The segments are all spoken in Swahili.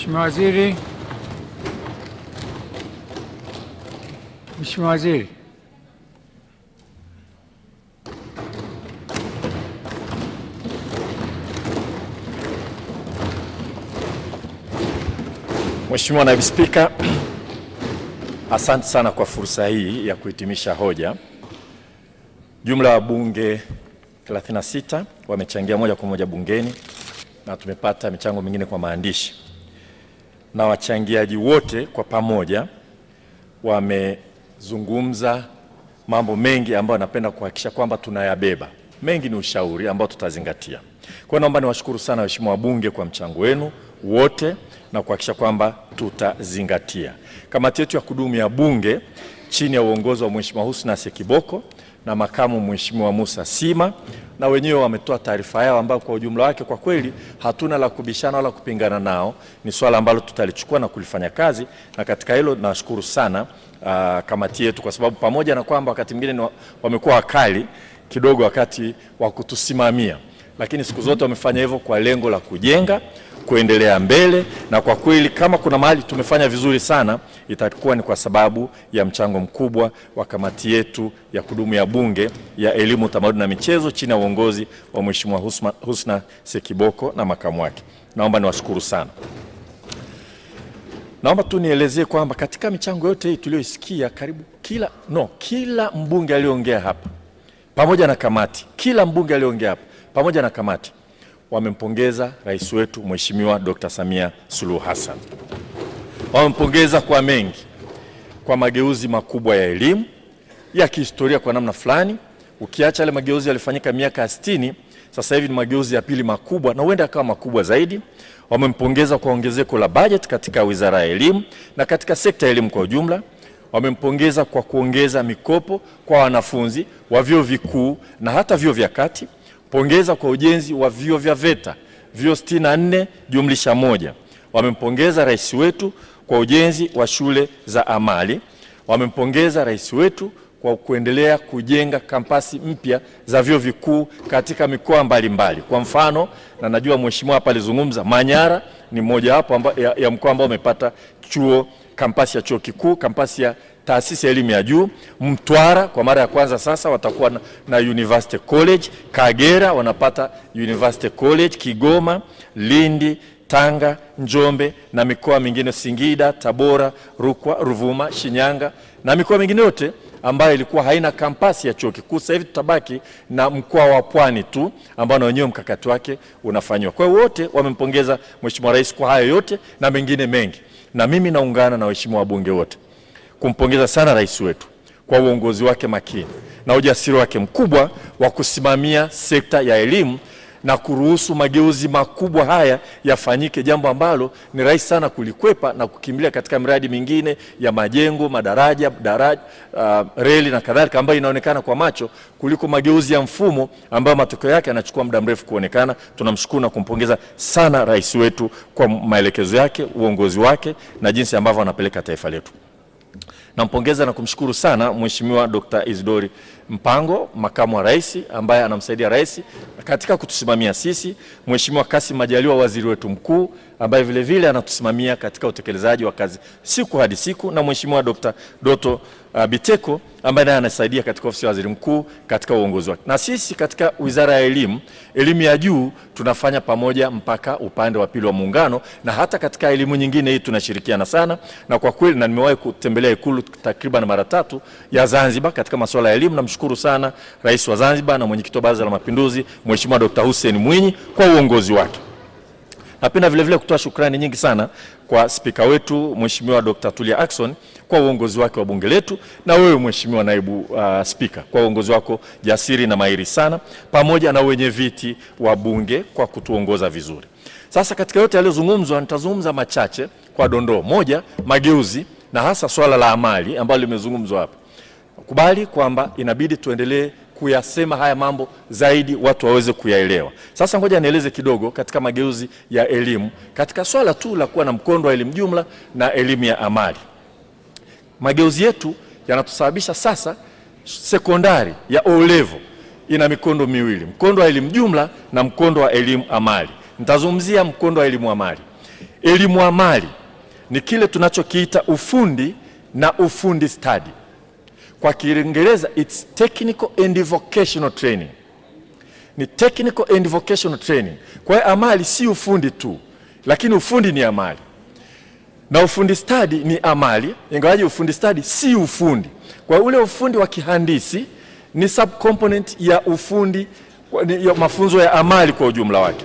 Mheshimiwa Waziri. Mheshimiwa Waziri. Mheshimiwa Naibu Spika, asante sana kwa fursa hii ya kuhitimisha hoja. Jumla ya wabunge 36 wamechangia moja kwa moja bungeni na tumepata michango mingine kwa maandishi na wachangiaji wote kwa pamoja wamezungumza mambo mengi ambayo napenda kuhakikisha kwamba tunayabeba. Mengi ni ushauri ambao tutazingatia. Kwa hiyo naomba niwashukuru sana waheshimiwa wabunge kwa mchango wenu wote na kuhakikisha kwamba tutazingatia. Kamati yetu ya kudumu ya Bunge chini ya uongozi wa Mheshimiwa Husna Sekiboko na makamu Mheshimiwa Musa Sima, na wenyewe wametoa taarifa yao ambayo kwa ujumla wake kwa kweli hatuna la kubishana wala kupingana nao. Ni swala ambalo tutalichukua na kulifanya kazi, na katika hilo nashukuru sana uh, kamati yetu kwa sababu pamoja na kwamba wakati mwingine wamekuwa wakali kidogo wakati wa kutusimamia, lakini siku zote wamefanya hivyo kwa lengo la kujenga kuendelea mbele, na kwa kweli kama kuna mahali tumefanya vizuri sana itakuwa ni kwa sababu ya mchango mkubwa wa kamati yetu ya kudumu ya Bunge ya Elimu, Utamaduni na Michezo chini ya uongozi wa Mheshimiwa Husna, Sekiboko na makamu wake. Naomba niwashukuru sana. Naomba tu nielezee kwamba katika michango yote hii tuliyoisikia, karibu kila no, kila mbunge aliyoongea hapa pamoja na kamati, kila mbunge aliyoongea hapa pamoja na kamati wamempongeza rais wetu Mheshimiwa Dr. Samia Suluhu Hassan. Wamempongeza kwa mengi, kwa mageuzi makubwa ya elimu ya kihistoria kwa namna fulani. Ukiacha yale mageuzi yalifanyika miaka ya sitini, sasa hivi ni mageuzi ya pili makubwa na huenda akawa makubwa zaidi. Wamempongeza kwa ongezeko la bajeti katika wizara ya elimu na katika sekta ya elimu kwa ujumla. Wamempongeza kwa kuongeza mikopo kwa wanafunzi wa vyuo vikuu na hata vyuo vya kati. Pongeza kwa ujenzi wa vyuo vya VETA, vyuo 64 jumlisha moja. Wamempongeza rais wetu kwa ujenzi wa shule za amali. Wamempongeza rais wetu kwa kuendelea kujenga kampasi mpya za vyuo vikuu katika mikoa mbalimbali. Kwa mfano, na najua mheshimiwa hapa alizungumza, Manyara ni mojawapo ya, ya mkoa ambao umepata chuo kampasi ya chuo kikuu, kampasi ya taasisi ya elimu ya juu. Mtwara kwa mara ya kwanza sasa watakuwa na, na University College. Kagera wanapata University College. Kigoma, Lindi, Tanga, Njombe na mikoa mingine Singida, Tabora, Rukwa, Ruvuma, Shinyanga na mikoa mingine yote ambayo ilikuwa haina kampasi ya chuo kikuu. Sasa hivi tutabaki na mkoa wa Pwani tu ambao na wenyewe mkakati wake unafanywa. Kwa hiyo wote wamempongeza Mheshimiwa Rais kwa hayo yote na mengine mengi, na mimi naungana na waheshimiwa wabunge wote kumpongeza sana rais wetu kwa uongozi wake makini na ujasiri wake mkubwa wa kusimamia sekta ya elimu na kuruhusu mageuzi makubwa haya yafanyike, jambo ambalo ni rahisi sana kulikwepa na kukimbilia katika miradi mingine ya majengo, madaraja, daraja, uh, reli na kadhalika, ambayo inaonekana kwa macho kuliko mageuzi ya mfumo ambayo matokeo yake yanachukua muda mrefu kuonekana. Tunamshukuru na kumpongeza sana rais wetu kwa maelekezo yake, uongozi wake na jinsi ambavyo anapeleka taifa letu. Nampongeza na kumshukuru sana Mheshimiwa Dr. Isidori Mpango, makamu wa rais ambaye anamsaidia rais katika kutusimamia sisi, Mheshimiwa Kassim Majaliwa, waziri wetu mkuu ambaye vilevile vile anatusimamia katika utekelezaji wa kazi siku hadi siku, na Mheshimiwa Dr. Doto uh, Biteko ambaye naye anasaidia katika ofisi ya waziri mkuu katika uongozi wake. Na sisi katika wizara ya elimu, elimu ya juu tunafanya pamoja mpaka upande wa pili wa muungano, na hata katika elimu nyingine hii tunashirikiana sana, na kwa kweli na nimewahi kutembelea Ikulu takriban mara tatu ya Zanzibar katika masuala ya elimu na kumshukuru sana Rais wa Zanzibar na mwenyekiti wa Baraza la Mapinduzi Mheshimiwa Dr. Hussein Mwinyi kwa uongozi wake. Napenda vilevile kutoa shukrani nyingi sana kwa spika wetu Mheshimiwa Dr. Tulia Ackson kwa uongozi wake wa bunge letu na wewe Mheshimiwa naibu uh, spika kwa uongozi wako jasiri na mahiri sana, pamoja na wenye viti wa bunge kwa kutuongoza vizuri. Sasa katika yote yaliyozungumzwa, nitazungumza machache kwa dondoo. Moja, mageuzi na hasa swala la amali ambalo limezungumzwa hapa tumekubali kwamba inabidi tuendelee kuyasema haya mambo zaidi watu waweze kuyaelewa. Sasa ngoja nieleze kidogo katika mageuzi ya elimu, katika swala tu la kuwa na mkondo wa elimu jumla na elimu ya amali. Mageuzi yetu yanatusababisha sasa sekondari ya O level ina mikondo miwili, mkondo wa elimu jumla na mkondo wa elimu amali. Nitazungumzia mkondo wa elimu amali. Elimu amali ni kile tunachokiita ufundi na ufundi stadi. Kwa Kiingereza it's technical and vocational training, ni technical and vocational training. Kwa hiyo amali si ufundi tu, lakini ufundi ni amali na ufundi stadi ni amali, ingawaje ufundi stadi si ufundi. Kwa ule ufundi wa kihandisi ni subcomponent ya ufundi ya mafunzo ya amali kwa ujumla wake.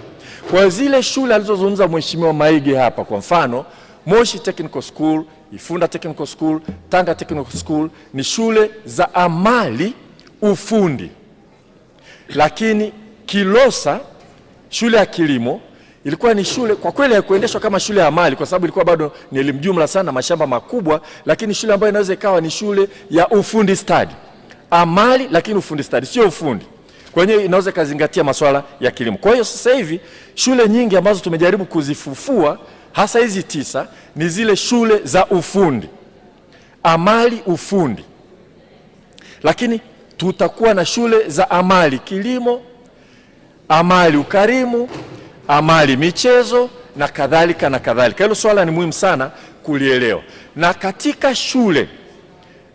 Kwa zile shule alizozungumza Mheshimiwa Maige hapa, kwa mfano Moshi Technical School Ifunda Technical School, Tanga Technical School ni shule za amali ufundi, lakini Kilosa shule ya kilimo ilikuwa ni shule kwa kweli haikuendeshwa kama shule ya amali, kwa sababu ilikuwa bado ni elimu jumla sana, mashamba makubwa, lakini shule ambayo inaweza ikawa ni shule ya ufundi stadi, amali lakini ufundi stadi, sio ufundi kwenyewe, inaweza ikazingatia masuala ya kilimo. Kwa hiyo sasa hivi shule nyingi ambazo tumejaribu kuzifufua hasa hizi tisa ni zile shule za ufundi, amali ufundi, lakini tutakuwa na shule za amali kilimo, amali ukarimu, amali michezo na kadhalika na kadhalika. Hilo swala ni muhimu sana kulielewa. Na katika shule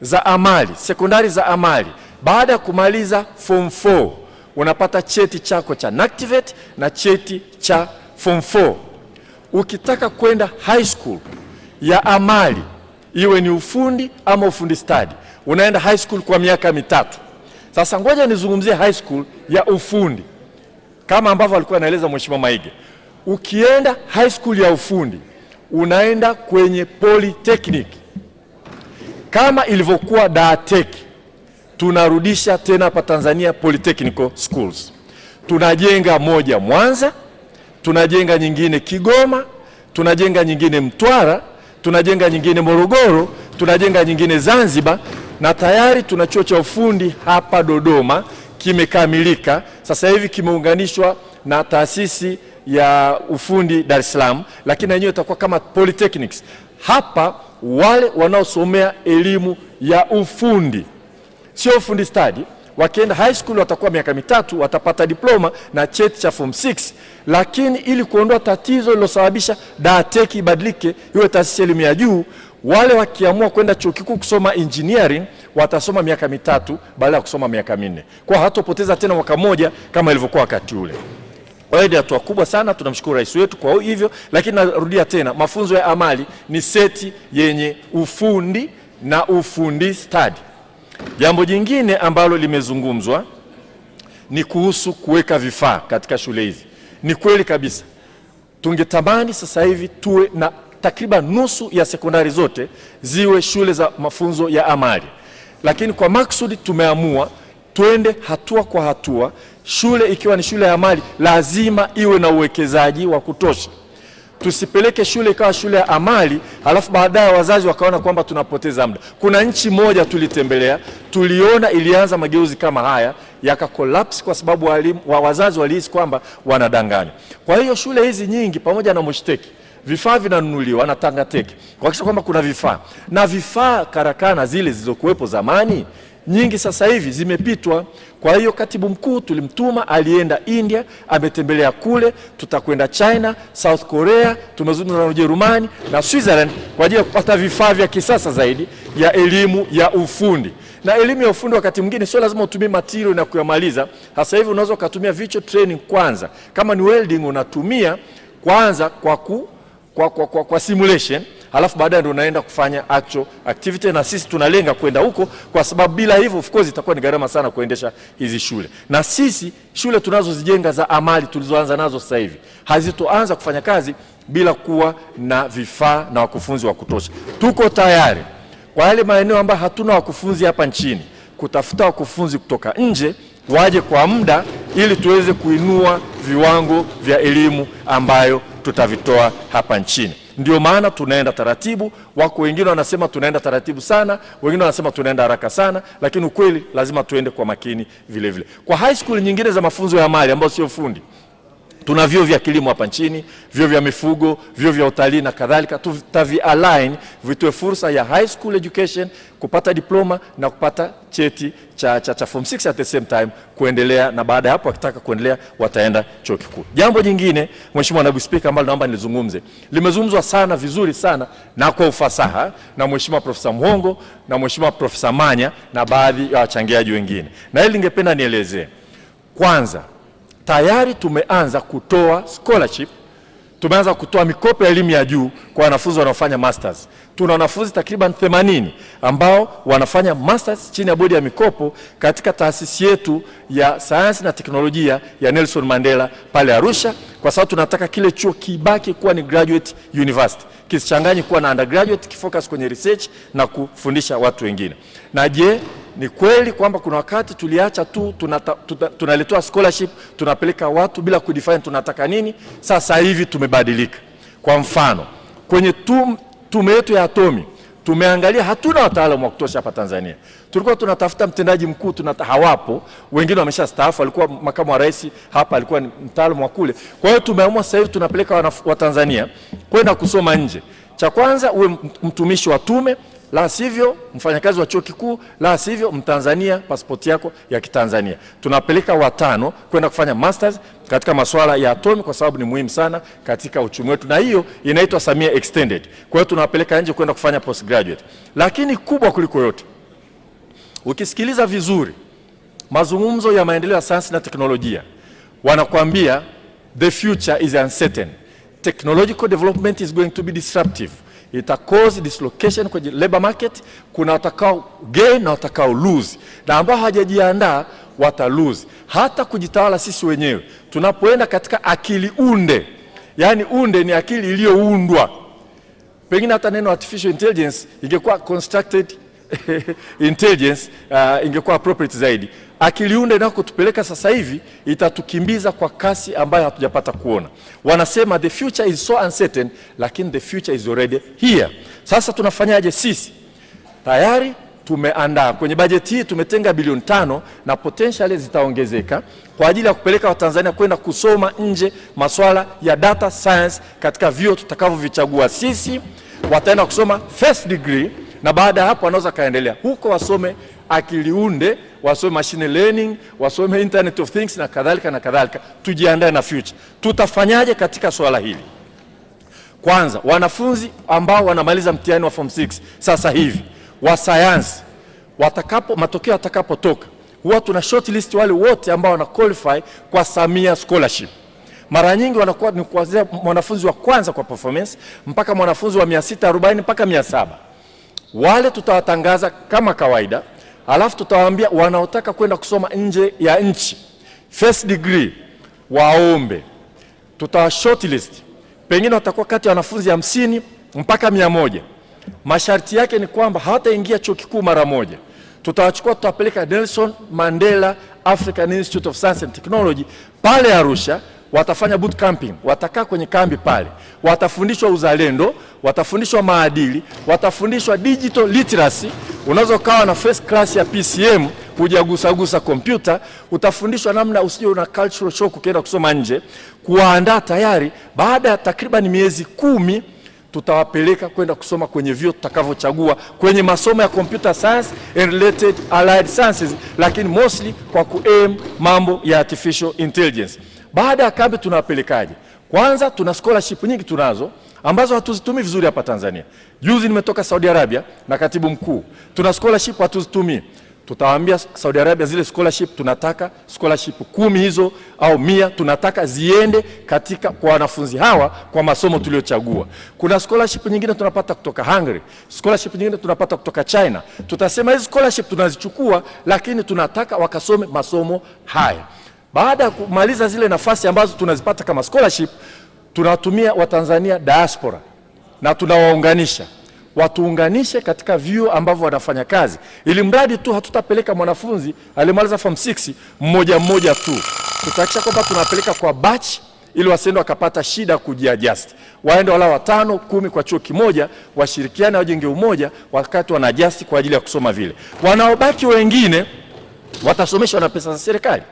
za amali, sekondari za amali, baada ya kumaliza form 4 unapata cheti chako cha NACTVET e na cheti cha form 4 ukitaka kwenda high school ya amali, iwe ni ufundi ama ufundi stadi, unaenda high school kwa miaka mitatu. Sasa ngoja nizungumzie high school ya ufundi kama ambavyo alikuwa anaeleza Mheshimiwa Maige. Ukienda high school ya ufundi unaenda kwenye polytechnic kama ilivyokuwa Daatech, tunarudisha tena hapa Tanzania polytechnical schools, tunajenga moja Mwanza tunajenga nyingine Kigoma, tunajenga nyingine Mtwara, tunajenga nyingine Morogoro, tunajenga nyingine Zanzibar, na tayari tuna chuo cha ufundi hapa Dodoma kimekamilika, sasa hivi kimeunganishwa na taasisi ya ufundi Dar es Salaam, lakini yenyewe itakuwa kama polytechnics. Hapa wale wanaosomea elimu ya ufundi, sio ufundi stadi wakienda high school watakuwa miaka mitatu, watapata diploma na cheti cha form 6. Lakini ili kuondoa tatizo lilosababisha dateki ibadilike iwe taasisi elimu ya juu, wale wakiamua kwenda chuo kikuu kusoma engineering watasoma miaka mitatu baada ya kusoma miaka minne, kwa hatopoteza tena mwaka mmoja kama ilivyokuwa wakati ule. Kwa ni hatua kubwa sana, tunamshukuru rais wetu kwa hivyo. Lakini narudia tena, mafunzo ya amali ni seti yenye ufundi na ufundi stadi. Jambo jingine ambalo limezungumzwa ni kuhusu kuweka vifaa katika shule hizi. Ni kweli kabisa, tungetamani sasa hivi tuwe na takriban nusu ya sekondari zote ziwe shule za mafunzo ya amali, lakini kwa maksudi tumeamua twende hatua kwa hatua. Shule ikiwa ni shule ya amali, lazima iwe na uwekezaji wa kutosha tusipeleke shule ikawa shule ya amali, alafu baadaye wazazi wakaona kwamba tunapoteza muda. Kuna nchi moja tulitembelea, tuliona ilianza mageuzi kama haya yakakolapsi kwa sababu walimu, wa wazazi walihisi kwamba wanadanganywa. Kwa hiyo shule hizi nyingi pamoja na Mushteki vifaa vinanunuliwa na tangateki kuhakikisha kwamba kuna vifaa na vifaa, karakana zile zilizokuwepo zamani nyingi sasa hivi zimepitwa. Kwa hiyo katibu mkuu tulimtuma, alienda India, ametembelea kule, tutakwenda China, South Korea, tumezungumza na Ujerumani na Switzerland kwa ajili ya kupata vifaa vya kisasa zaidi ya elimu ya ufundi. Na elimu ya ufundi wakati mwingine sio lazima utumie material na kuyamaliza. Sasa hivi unaweza ukatumia virtual training kwanza, kama ni welding unatumia kwanza kwa, ku, kwa, kwa, kwa, kwa simulation alafu baadaye ndio unaenda kufanya actual activity, na sisi tunalenga kwenda huko, kwa sababu bila hivyo of course itakuwa ni gharama sana kuendesha hizi shule. Na sisi shule tunazozijenga za amali tulizoanza nazo sasa hivi hazitoanza kufanya kazi bila kuwa na vifaa na wakufunzi wa kutosha. Tuko tayari kwa yale maeneo ambayo hatuna wakufunzi hapa nchini kutafuta wakufunzi kutoka nje waje kwa muda ili tuweze kuinua viwango vya elimu ambayo tutavitoa hapa nchini. Ndio maana tunaenda taratibu. Wako wengine wanasema tunaenda taratibu sana, wengine wanasema tunaenda haraka sana, lakini ukweli lazima tuende kwa makini vilevile vile. Kwa high school nyingine za mafunzo ya mali ambayo sio fundi Tuna vyuo vya kilimo hapa nchini, vyuo vya mifugo, vyuo vya utalii na kadhalika. Tutavi align vitoe fursa ya high school education kupata diploma na kupata cheti cha, cha, cha form 6 at the same time kuendelea, na baada ya hapo wakitaka kuendelea wataenda chuo kikuu. Jambo jingine, Mheshimiwa Naibu Spika, ambalo naomba nilizungumze, limezungumzwa sana vizuri sana na kwa ufasaha na Mheshimiwa Profesa Mhongo na Mheshimiwa Profesa Manya na baadhi ya wachangiaji wengine, na hili ningependa nielezee kwanza tayari tumeanza kutoa scholarship, tumeanza kutoa mikopo ya elimu ya juu kwa wanafunzi wanaofanya masters. Tuna wanafunzi takriban 80 ambao wanafanya masters chini ya bodi ya mikopo katika taasisi yetu ya sayansi na teknolojia ya Nelson Mandela pale Arusha, kwa sababu tunataka kile chuo kibaki kuwa ni graduate university, kisichanganyi kuwa na undergraduate, kifocus kwenye research na kufundisha watu wengine. Na je ni kweli kwamba kuna wakati tuliacha tu tunaletoa tuna, tuna scholarship tunapeleka watu bila kudefine tunataka nini. Sasa hivi tumebadilika. Kwa mfano kwenye tum, tume yetu ya atomi tumeangalia, hatuna wataalamu wa kutosha hapa Tanzania. Tulikuwa tunatafuta mtendaji mkuu tunata, hawapo, wengine wamesha wameshastaafu. Alikuwa makamu wa rais hapa, alikuwa ni mtaalamu wa kule. Kwa hiyo tumeamua sasa hivi tunapeleka tanzania kwenda kusoma nje. Cha kwanza uwe mtumishi wa tume la sivyo mfanyakazi wa chuo kikuu, la sivyo Mtanzania, pasipoti yako ya Kitanzania. Tunapeleka watano kwenda kufanya masters katika masuala ya atomi, kwa sababu ni muhimu sana katika uchumi wetu, na hiyo inaitwa Samia Extended. Kwa hiyo tunawapeleka nje kwenda kufanya postgraduate, lakini kubwa kuliko yote, ukisikiliza vizuri mazungumzo ya maendeleo ya sayansi na teknolojia, wanakuambia the future is uncertain, technological development is going to be disruptive ita cause dislocation kwenye labor market. Kuna watakao gain na watakao lose, na ambao hawajajiandaa wata lose. Hata kujitawala sisi wenyewe tunapoenda katika akili unde, yaani unde ni akili iliyoundwa, pengine hata neno artificial intelligence ingekuwa constructed intelligence uh, ingekuwa appropriate zaidi. Akili unde inakotupeleka sasa hivi itatukimbiza kwa kasi ambayo hatujapata kuona. Wanasema the future is so uncertain, lakini the future is already here. Sasa tunafanyaje sisi? Tayari tumeandaa kwenye bajeti hii tumetenga bilioni tano na potentially zitaongezeka kwa ajili ya kupeleka Watanzania kwenda kusoma nje masuala ya data science katika vyuo tutakavyovichagua sisi. Wataenda kusoma first degree na baada ya hapo anaweza kaendelea huko, wasome akiliunde, wasome machine learning, wasome internet of things na kadhalika na kadhalika. Tujiandae na future. Tutafanyaje katika swala hili? Kwanza, wanafunzi ambao wanamaliza mtihani wa form 6 sasa hivi wa science watakapo matokeo atakapotoka huwa tuna shortlist wale wote ambao wana qualify kwa Samia scholarship mara nyingi wanakuwa ni kuanzia mwanafunzi wa kwanza kwa performance mpaka mwanafunzi wa 640 mpaka 700 wale tutawatangaza kama kawaida, alafu tutawaambia wanaotaka kwenda kusoma nje ya nchi first degree waombe. Tutawa shortlist, pengine watakuwa kati ya wanafunzi hamsini mpaka mia moja. Masharti yake ni kwamba hawataingia chuo kikuu mara moja. Tutawachukua, tutawapeleka Nelson Mandela African Institute of Science and Technology pale Arusha watafanya boot camping, watakaa kwenye kambi pale, watafundishwa uzalendo, watafundishwa maadili, watafundishwa digital literacy. Unaweza ukawa na first class ya PCM hujagusagusa kompyuta, utafundishwa namna usije una cultural shock ukienda kusoma nje, kuwaandaa tayari. Baada ya takriban miezi kumi tutawapeleka kwenda kusoma kwenye vyuo tutakavyochagua kwenye masomo ya computer science and related allied sciences, lakini mostly kwa ku mambo ya artificial intelligence. Baada ya kambi tunawapelekaje? Kwanza tuna scholarship nyingi tunazo ambazo hatuzitumii vizuri hapa Tanzania. Juzi nimetoka Saudi Arabia na katibu mkuu, tuna scholarship hatuzitumii. Tutawaambia Saudi Arabia zile scholarship, tunataka scholarship kumi hizo au mia, tunataka ziende katika kwa wanafunzi hawa kwa masomo tuliochagua. Kuna scholarship nyingine tunapata kutoka Hungary, scholarship nyingine tunapata kutoka China. Tutasema hizi scholarship tunazichukua, lakini tunataka wakasome masomo haya. Baada ya kumaliza zile nafasi ambazo tunazipata kama scholarship, tunawatumia Watanzania diaspora na tunawaunganisha watuunganishe katika vyuo ambavyo wanafanya kazi, ili mradi tu hatutapeleka mwanafunzi alimaliza form 6 mmoja mmoja tu. tutahakisha kwamba tunapeleka kwa batch, ili wasiende wakapata shida kujiadjust, waende wala watano kumi kwa chuo kimoja, washirikiane, wajenge umoja wakati wanaadjust kwa ajili ya kusoma vile. Wanaobaki wengine watasomeshwa na pesa za serikali.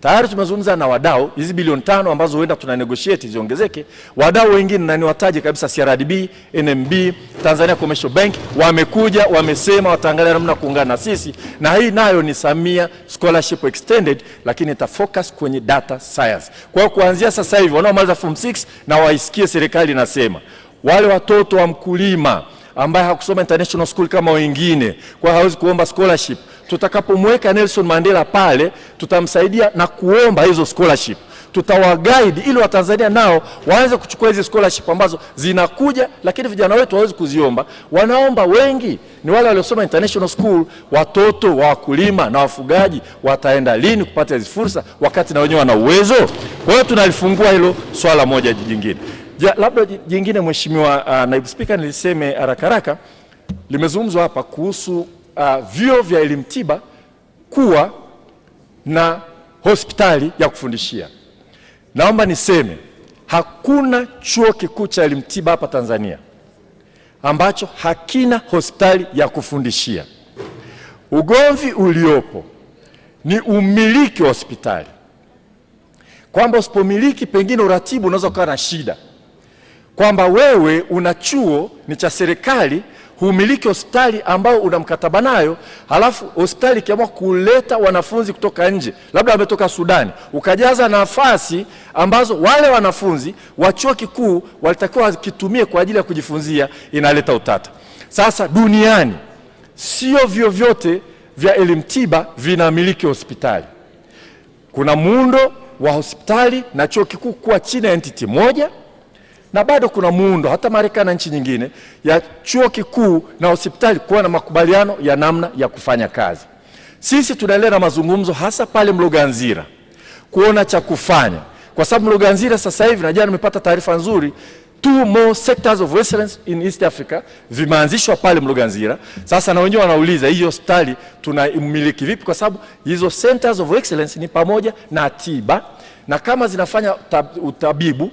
Tayari tumezungumza na wadau, hizi bilioni tano ambazo huenda tuna negotiate ziongezeke. Wadau wengine na niwataje kabisa, CRDB, NMB, Tanzania Commercial Bank wamekuja, wamesema wataangalia namna kuungana na sisi, na hii nayo ni Samia Scholarship Extended, lakini ita focus kwenye data science. Kwa hiyo kuanzia sasa hivi wanaomaliza form 6 na waisikie serikali inasema, wale watoto wa mkulima ambaye hakusoma international school kama wengine, kwa hawezi kuomba scholarship. Tutakapomweka Nelson Mandela pale, tutamsaidia na kuomba hizo scholarship tutawaguide ili Watanzania nao waanze kuchukua hizi scholarship ambazo zinakuja, lakini vijana wetu waweze kuziomba. Wanaomba wengi ni wale waliosoma international school. Watoto wa wakulima na wafugaji wataenda lini kupata hizi fursa, wakati na wenyewe wana uwezo? Kwa hiyo tunalifungua hilo swala moja jingine. Ja, labda jingine Mheshimiwa uh, Naibu Spika, niliseme haraka haraka, limezungumzwa hapa kuhusu uh, vyuo vya elimu tiba kuwa na hospitali ya kufundishia. Naomba niseme hakuna chuo kikuu cha elimu tiba hapa Tanzania ambacho hakina hospitali ya kufundishia. Ugomvi uliopo ni umiliki wa hospitali, kwamba usipomiliki pengine uratibu unaweza ukawa na shida kwamba wewe una chuo ni cha serikali, humiliki hospitali ambao una mkataba nayo, halafu hospitali ikiamua kuleta wanafunzi kutoka nje, labda wametoka Sudani, ukajaza nafasi ambazo wale wanafunzi wa chuo kikuu walitakiwa wakitumie kwa ajili ya kujifunzia, inaleta utata. Sasa duniani sio vyuo vyote vya elimu tiba vinamiliki hospitali. Kuna muundo wa hospitali na chuo kikuu kuwa chini ya entity moja na bado kuna muundo hata Marekani na nchi nyingine ya chuo kikuu na hospitali kuwa na makubaliano ya namna ya kufanya kazi. Sisi tunaendelea na mazungumzo hasa pale Mloganzira kuona cha kufanya, kwa sababu Mloganzira sasa hivi najua nimepata taarifa nzuri two more sectors of excellence in East Africa vimeanzishwa pale Mloganzira. Sasa na wenyewe wanauliza hiyo hospitali tunaimiliki vipi, kwa sababu hizo centers of excellence ni pamoja na tiba na kama zinafanya utabibu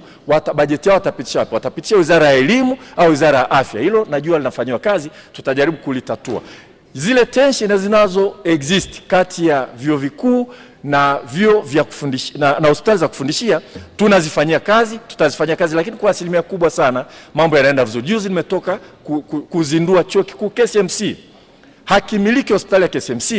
bajeti yao watapitisha wapi? Watapitisha wizara ya elimu au wizara ya afya? Hilo najua linafanyiwa kazi, tutajaribu kulitatua. Zile tension zinazo exist kati ya vyuo vikuu na vyuo vya kufundishia na, na hospitali za kufundishia tunazifanyia kazi, tutazifanyia kazi, lakini kwa asilimia kubwa sana mambo yanaenda vizuri. Juzi nimetoka ku, ku, kuzindua chuo kikuu KCMC hakimiliki hospitali ya KCMC,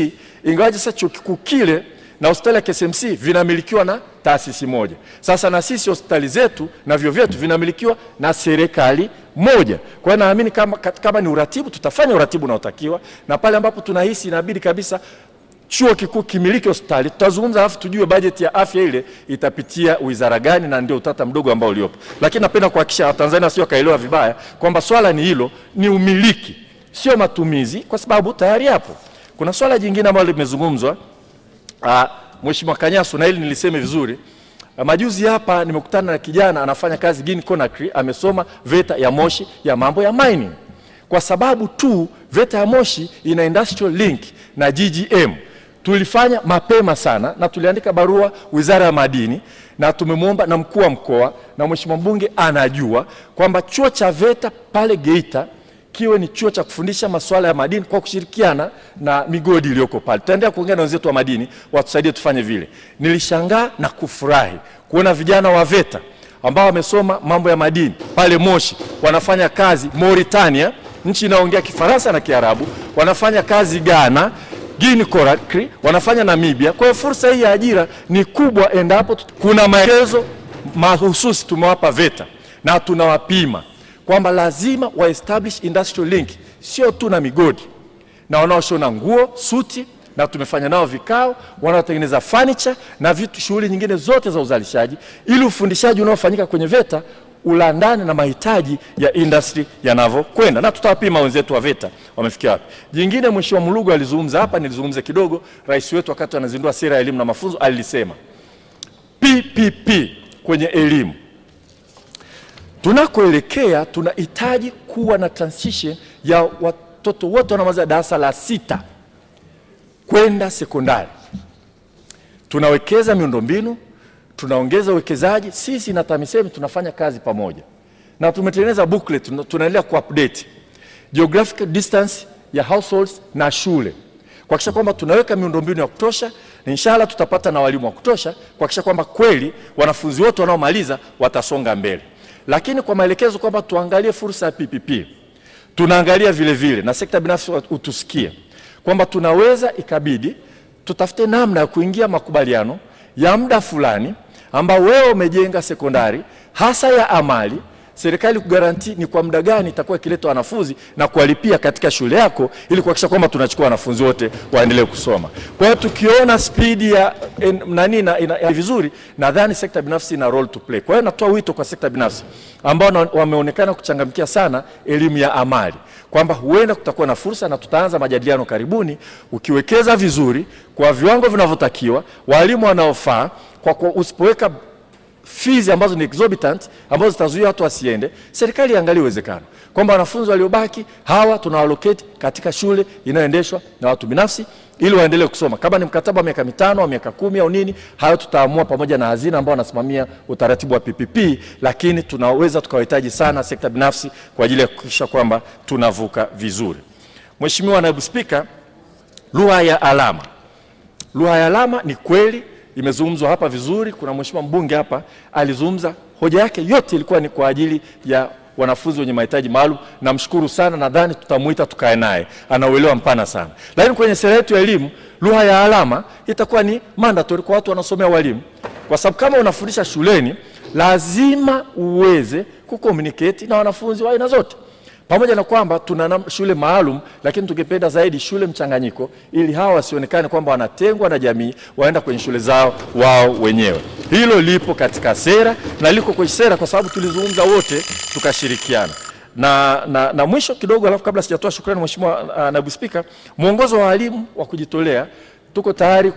ingawaje sasa chuo kikuu kile na hospitali ya KCMC vinamilikiwa na taasisi moja. Sasa na sisi hospitali zetu na vyuo vyetu vinamilikiwa na serikali moja. Kwa hiyo naamini kama, kama ni uratibu tutafanya uratibu unaotakiwa, na pale ambapo tunahisi inabidi kabisa chuo kikuu kimiliki hospitali tutazungumza, alafu tujue bajeti ya afya ile itapitia wizara gani, na ndio utata mdogo ambao uliopo. Lakini napenda kuhakikisha Watanzania sio kaelewa vibaya kwamba swala ni hilo, ni umiliki, sio matumizi, kwa sababu tayari hapo kuna swala jingine ambalo limezungumzwa Ah, mheshimiwa Kanyasu, na hili niliseme vizuri. Ah, majuzi hapa nimekutana na kijana anafanya kazi Guinea Conakry, amesoma VETA ya Moshi ya mambo ya mining, kwa sababu tu VETA ya Moshi ina industrial link na GGM. Tulifanya mapema sana na tuliandika barua Wizara ya Madini na tumemwomba na mkuu wa mkoa na mheshimiwa mbunge anajua kwamba chuo cha VETA pale Geita kiwe ni chuo cha kufundisha masuala ya madini kwa kushirikiana na migodi iliyoko pale. Tutaendelea kuongea na wenzetu wa madini watusaidie tufanye vile. Nilishangaa na kufurahi kuona vijana wa VETA ambao wamesoma mambo ya madini pale Moshi wanafanya kazi Mauritania, nchi inaongea Kifaransa na Kiarabu, wanafanya kazi Ghana, Guinea Conakry, wanafanya Namibia. Kwa hiyo fursa hii ya ajira ni kubwa endapo kuna maelezo mahususi tumewapa VETA na tunawapima kwamba lazima wa establish industrial link, sio tu na migodi na wanaoshona nguo suti, na tumefanya nao vikao, wanaotengeneza furniture na vitu, shughuli nyingine zote za uzalishaji, ili ufundishaji unaofanyika kwenye VETA ulandane na mahitaji ya industry yanavyokwenda, na tutawapima wenzetu wa VETA wamefikia wapi. Jingine, Mheshimiwa mlugo alizungumza hapa, nilizungumze kidogo. Rais wetu wakati anazindua sera ya elimu na mafunzo alisema PPP kwenye elimu Tunakoelekea tunahitaji kuwa na transition ya watoto wote wanaomaliza darasa la sita kwenda sekondari. Tunawekeza miundombinu, tunaongeza uwekezaji. Sisi na TAMISEMI tunafanya kazi pamoja na tumetengeneza booklet, tunaendelea kuupdate geographic distance ya households na shule kuhakikisha kwamba tunaweka miundombinu ya kutosha, na inshallah tutapata na walimu wa kutosha kuhakikisha kwamba kweli wanafunzi wote wanaomaliza watasonga mbele lakini kwa maelekezo kwamba tuangalie fursa ya PPP, tunaangalia vile vile na sekta binafsi utusikie kwamba tunaweza ikabidi tutafute namna ya kuingia makubaliano ya muda fulani ambao wewe umejenga sekondari hasa ya amali serikali kugaranti ni kwa muda gani itakuwa ikileta wanafunzi na kuwalipia katika shule yako, ili kuhakikisha kwamba tunachukua wanafunzi wote waendelee kusoma. Kwa hiyo tukiona spidi ya eh, nani na, ina, ya vizuri, nadhani sekta binafsi ina role to play. Kwa hiyo natoa wito kwa sekta binafsi ambao wameonekana kuchangamkia sana elimu ya amali kwamba huenda kutakuwa na fursa na tutaanza majadiliano karibuni, ukiwekeza vizuri kwa viwango vinavyotakiwa, walimu wanaofaa, kwa, kwa usipoweka fees ambazo ni exorbitant ambazo zitazuia watu wasiende, serikali iangalie uwezekano kwamba wanafunzi waliobaki hawa tunawaloketi katika shule inayoendeshwa na watu binafsi ili waendelee kusoma. Kama ni mkataba wa miaka mitano au miaka kumi au nini, hayo tutaamua pamoja na hazina ambao wanasimamia utaratibu wa PPP, lakini tunaweza tukawahitaji sana sekta binafsi kwa ajili ya kuhakikisha kwamba tunavuka vizuri. Mheshimiwa Naibu Spika, lugha ya alama, lugha ya alama ni kweli imezungumzwa hapa vizuri. Kuna mheshimiwa mbunge hapa alizungumza, hoja yake yote ilikuwa ni kwa ajili ya wanafunzi wenye mahitaji maalum. Namshukuru sana, nadhani tutamuita tukae naye, anauelewa mpana sana. Lakini kwenye sera yetu ya elimu, lugha ya alama itakuwa ni mandatory kwa watu wanaosomea walimu, kwa sababu kama unafundisha shuleni lazima uweze kukomuniketi na wanafunzi wa aina zote pamoja na kwamba tuna shule maalum, lakini tungependa zaidi shule mchanganyiko, ili hawa wasionekane kwamba wanatengwa na jamii, waenda kwenye shule zao wao wenyewe. Hilo lipo katika sera na liko kwenye sera, kwa sababu tulizungumza wote tukashirikiana na, na, na mwisho kidogo, alafu kabla sijatoa shukrani Mheshimiwa uh, Naibu Spika, mwongozo wa walimu wa kujitolea, tuko tayari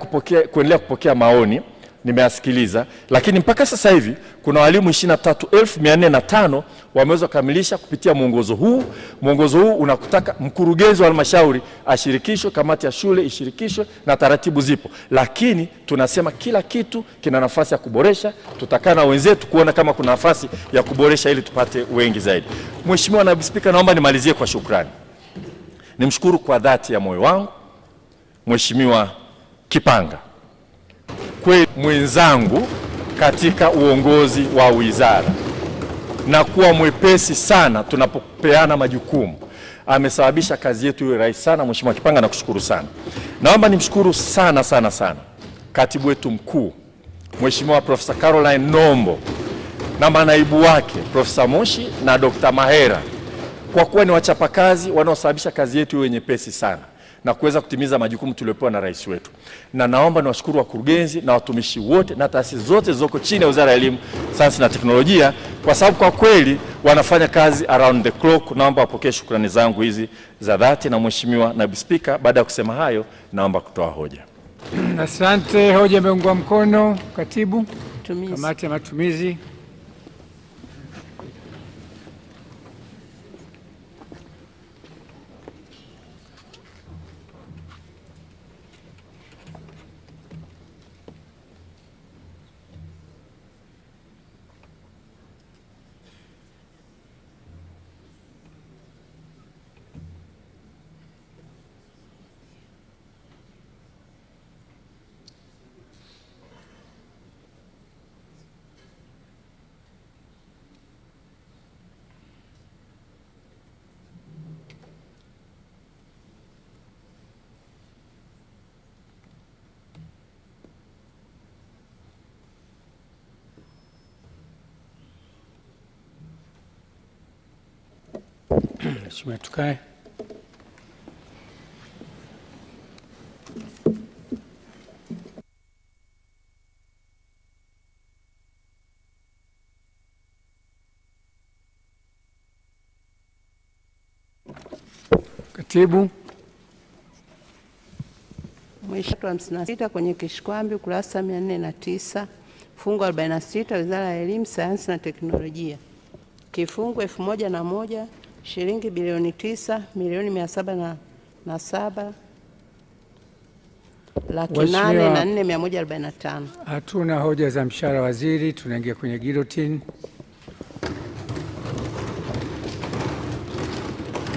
kuendelea kupokea maoni nimeasikiliza lakini mpaka sasa hivi kuna walimu 23,405 wameweza kukamilisha kupitia mwongozo huu. Mwongozo huu unakutaka mkurugenzi wa halmashauri ashirikishwe, kamati ya shule ishirikishwe, na taratibu zipo, lakini tunasema kila kitu kina nafasi ya kuboresha. Tutakaa na wenzetu kuona kama kuna nafasi ya kuboresha ili tupate wengi zaidi. Mheshimiwa Naibu Spika, naomba nimalizie kwa shukrani. Nimshukuru kwa dhati ya moyo wangu Mheshimiwa Kipanga kweli mwenzangu katika uongozi wa wizara na kuwa mwepesi sana tunapopeana majukumu. Amesababisha kazi yetu iwe rahisi sana. Mheshimiwa Kipanga, nakushukuru sana. Naomba nimshukuru sana sana sana katibu wetu mkuu Mheshimiwa Profesa Caroline Nombo na manaibu wake Profesa Moshi na Dr. Mahera kwa kuwa ni wachapakazi wanaosababisha kazi yetu iwe nyepesi sana na kuweza kutimiza majukumu tuliopewa na rais wetu. Na naomba niwashukuru wakurugenzi na watumishi wote na taasisi zote zilizoko chini ya Wizara ya Elimu, Sayansi na Teknolojia, kwa sababu kwa kweli wanafanya kazi around the clock. Naomba wapokee shukrani zangu hizi za dhati. Na Mheshimiwa Naibu Spika, baada ya kusema hayo, naomba kutoa hoja. Asante. Hoja imeungwa mkono. Katibu kamati ya matumizi Mheshimiwa, tukae. Katibu. Mheshimiwa, kwenye kishikwambi kurasa mia nne na tisa fungu 46 Wizara ya Elimu, Sayansi na Teknolojia kifungu elfu moja na moja shilingi bilioni tisa milioni mia saba na, na saba laki nane na nne mia moja arobaini na tano. Hatuna hoja za mshahara waziri, tunaingia kwenye gilotin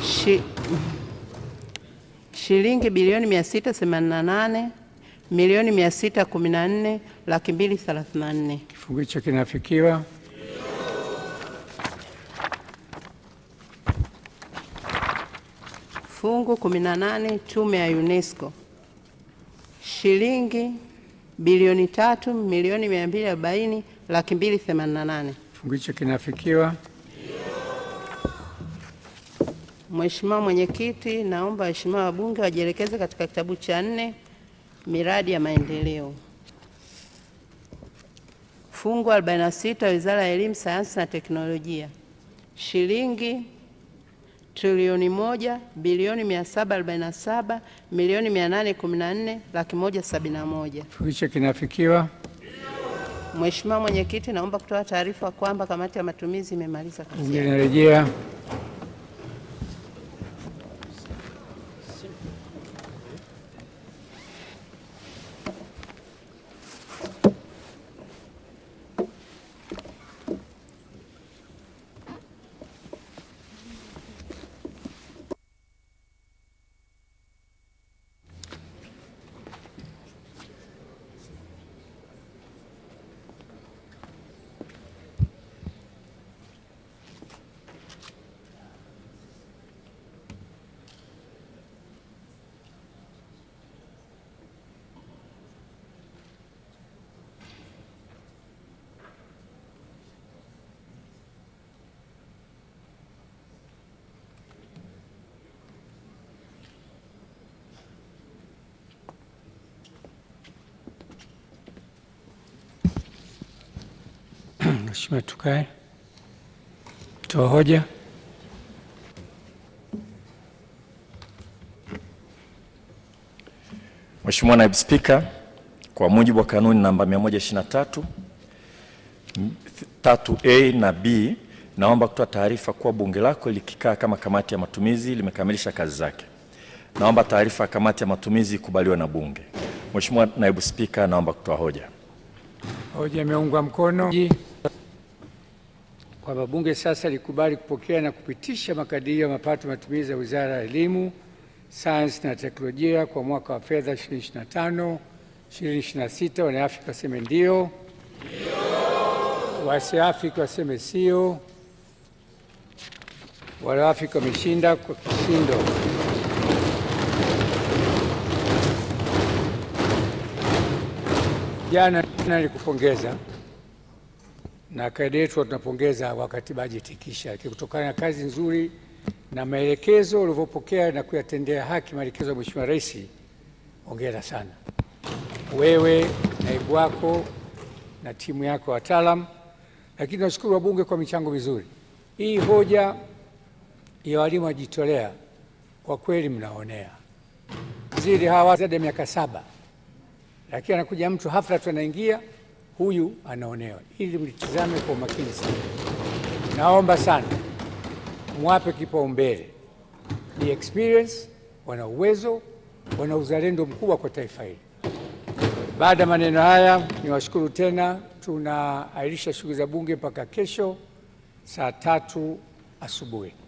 Shi, shilingi bilioni mia sita themanini na nane milioni mia sita kumi na nne laki mbili thelathini na nne. Kifungu hicho kinafikiwa. Fungu 18 Tume ya UNESCO shilingi bilioni tatu milioni 240 laki mbili nane. Fungu hicho kinafikiwa. Mheshimiwa Mwenyekiti, naomba waheshimiwa wabunge wajielekeze katika kitabu cha nne miradi ya maendeleo. Fungu 46 Wizara ya Elimu, Sayansi na Teknolojia shilingi trilioni moja bilioni 747 milioni 814 laki moja sabini na moja. Hicho kinafikiwa. Mheshimiwa Mwenyekiti, naomba kutoa taarifa kwamba kamati ya matumizi imemaliza kazi. Ungerejea. Mheshimiwa, tukae. Toa hoja. Mheshimiwa Naibu Spika, kwa mujibu wa kanuni namba 123 3A na B, naomba kutoa taarifa kuwa bunge lako likikaa kama kamati ya matumizi limekamilisha kazi zake. Naomba taarifa ya kamati ya matumizi ikubaliwe na bunge. Mheshimiwa Naibu Spika, naomba kutoa hoja. Hoja imeungwa mkono kwamba Bunge sasa likubali kupokea na kupitisha makadirio ya mapato matumizi ya Wizara ya Elimu, Sayansi na Teknolojia kwa mwaka wa fedha 2025 2026. Wanaafrika waseme ndio, wasiafrika waseme sio, walioafrika wameshinda kwa kishindo. Jana nilikupongeza na kaida yetu tunapongeza wakati bajeti kisha kutokana na kazi nzuri na maelekezo ulivyopokea na kuyatendea haki maelekezo ya Mheshimiwa Rais. Hongera sana wewe, naibu wako na timu yako wataalam, lakini nashukuru wabunge kwa michango mizuri. Hii hoja ya walimu wajitolea kwa kweli mnaonea zili hawa zaidi ya miaka saba, lakini anakuja mtu hafla tunaingia huyu anaonewa. Ili mlitizame kwa umakini sana, naomba sana mwape kipaumbele. Ni experience, wana uwezo, wana uzalendo mkubwa kwa taifa hili. Baada ya maneno haya, niwashukuru tena. Tunaahirisha shughuli za bunge mpaka kesho saa tatu asubuhi.